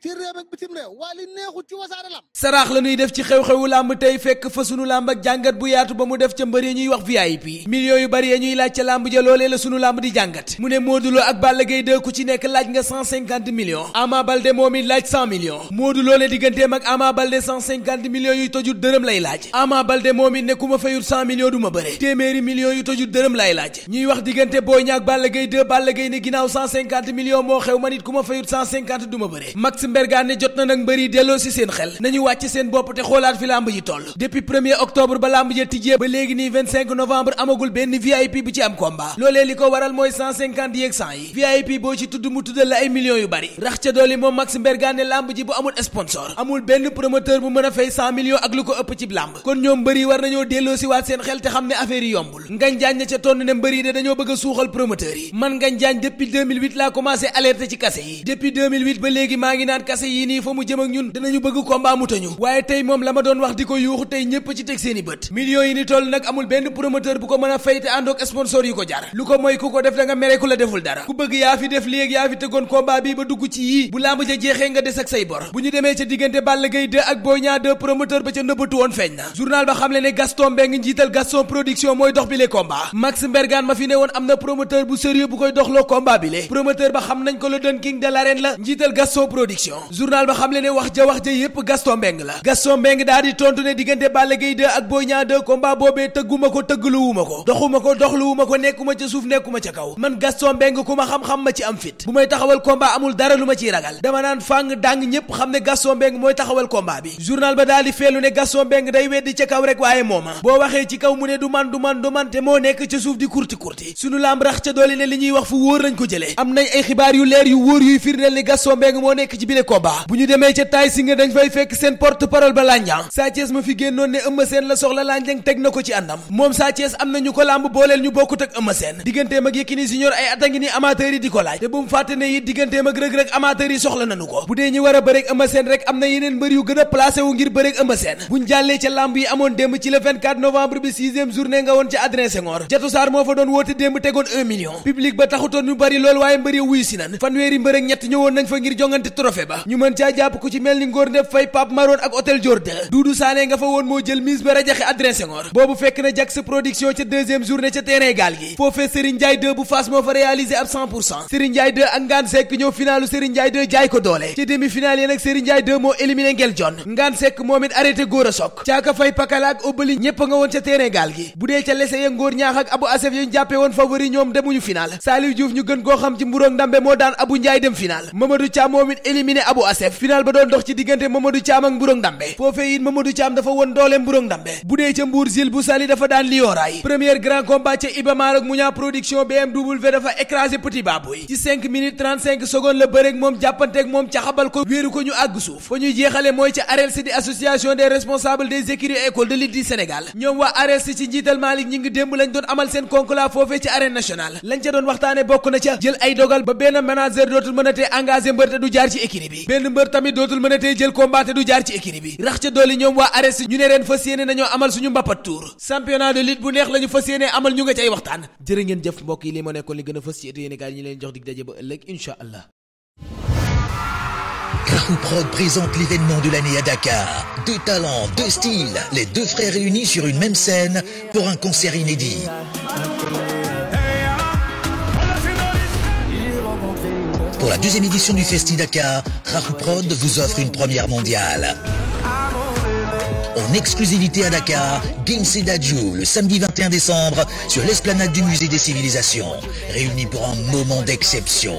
ci réew ak bitim réew waa li neexul ci wasaare lamb saraax la ñuy def ci xew-xewu lamb tey fekk fa sunu lamb ak jàngat bu yaatu ba mu def ca mbër ya ñuy wax VIP millions yu bari ya ñuy laaj ca lamb ja loolee la sunu lamb di jàngat mu ne Modou Lo ak Balla Gaye 2 ku ci nekk laaj nga 150 millions Ama Balde moom it laaj 100 millions Modou Lo ne digganteem ak Ama Balde 150 millions yuy tojut dërëm lay laaj Ama Balde moom it ne ku ma fayut 100 bëre téeméeri millions laaj ñuy wax diggante Boy Niang ak Balla Gaye 2 Balla Gaye ne ginnaaw 150 millions moo xew man it ku ma fayut 150 du ma Mbergane jot na nag mbëri delloo seen xel nañu wàcc seen bopp te xoolaat fi lamb ji toll depuis premier octobre ba lamb ja tijjee ba léegi nii benn VIP bu ci am combat loolee li ko waral mooy 150 yeeg 100 yi VIP boo ci mu tuddal la ay millions yu bari rax ca dooli moom Max Mbergane lamb ji bu amul a fay ak lu ko kon ñoom mbëri war nañoo delloo si waat seen xel te xam ne affaire yi yombul ngañ jaañ na ca tonn ne mbëri de dañoo bëgg suuxal promoteurs yi man ngañ jaañ depuis 2008 laa commencé alerter ci kase yi depuis 2008 ba léegi maa ngi naan naan kase yii nii fa mu jëm ak ñun dinañu bëgg combat mu tañu waaye tey moom la ma doon wax di ko yuuxu tey ñépp ci teg seeni bët millions yi ni toll nag amul benn promoteur bu ko mën a fay te àndoog sponsor yu ko jar lu ko mooy ku ko def da nga la deful dara ku bëgg yaa fi def lii yaa fi tëggoon combat bi ba dugg ci yii bu lamb ja jeexee nga des ak say bor bu ñu demee ca diggante Balla Gaye 2 ak Boy Niang promoteur ba ca nëbbatu woon feeñ na journal élection journal ba xam le ne wax ja wax ja yépp Gaston Mbengue la Gaston Mbengue daal di tontu ne diggante Balla Gaye 2 ak Boy Niang 2 combat boobee tëgguma ko tëggluwuma ko doxuma ko doxluwuma ko nekkuma ca suuf nekkuma ca kaw man Gaston Mbengue ku ma xam-xam ma ci am fit bu may taxawal combat amul dara lu ma ciy ragal dama naan fàng dàng ñépp xam ne Gaston Mbengue mooy taxawal combat bi journal ba daal di feelu ne Gaston Mbengue day weddi ca kaw rek waaye mooma boo waxee ci kaw mu ne du moo nekk ca suuf di kurti kurti wax fu wóor lañ ko jëlee am nañ ay xibaar moo nekk ci biir le combat bu ñu demee ca taay si nga dañ fay fekk seen porte parole ba lànjang Sa ma fi génnoon ne Eumeu la soxla lànjang teg na ko ci àndam moom Sa am na ñu ko làmb booleel ñu bokkut ak Eumeu digganteem ak Yékini Junior ay at a ngi ni amateurs di ko laaj te bu mu fàtte digganteem ak Reug Reug amateurs soxla nañu ko bu dee ñi war a bëreeg rek am na yeneen mbër yu gën a ngir bëreeg Eumeu buñ jàllee ca làmb yi amoon démb ci le ba ñu mën caa jàpp ku ci mel ni ngóor ndef fay Pape Maroon ak hôtel Dior 2 Doudou nga fa woon moo jël mise ba rajaxe adressé boobu fekk na Jax production ca deuxième journée ca terrain gi foofee Serigne Ndiaye 2 bu Fass moo fa réalisé ab 100 pour cent ak Ngaan Seck ñëw finalu Serigne Ndiaye 2 jaay ko doole ci demi finale yi nag Serigne Ndiaye 2 moo éliminé Ngel John Ngaan Seck moom it arrêté góor a sok caaka fay pakala ak Obali ñépp nga woon gi bu dee ca lese ya ngóor ñaax ak Abou Assef yu ne abu asef ba doon dox ci diggante Mamadou Thiam ak Mburong Ndambe foofee it Mamadou Thiam dafa won doole Mburong Ndambe bu dee ca Mbour Zil bu Sali dafa daan Lioraay premier grand combat ca Ibamar ak Mouña production BMW dafa écrasé Petit Baboy ci 5 minutes 35 secondes la bëreeg moom jàppanteeg moom ca xabal ko wéeru ko ñu àgg suuf fa ñuy jeexale mooy ca ARELS di association des responsables des écuries école de lutte du Sénégal ñoom waa ARELS ci njiital Malick ñi ngi bokk na ca jël benn manager dootul mën a tee engagé écurie bi benn mbër tamit dootul mën a tey jël combat te du jaar ci écurie bi rax ca dooli ñoom waa ares ñu ne ren fas yéene nañoo amal suñu mbappat tour championnat de lutte bu neex la ñu fas amal ñu nga cay waxtaan jërë ngeen jëf mbokk yi li moo li gën a fas ci yéene gaay ñi leen jox dig daje ba ëllëg incha allah Prod présente l'événement de l'année à Deux talents, deux styles, les deux frères réunis sur une même scène pour un concert pour la deuxième édition du Festi Dakar, Rahu Prod vous offre une première mondiale. En exclusivité à Dakar, Gims et Dadju, le samedi décembre, sur l'esplanade du Musée des Civilisations, réunis pour un moment d'exception.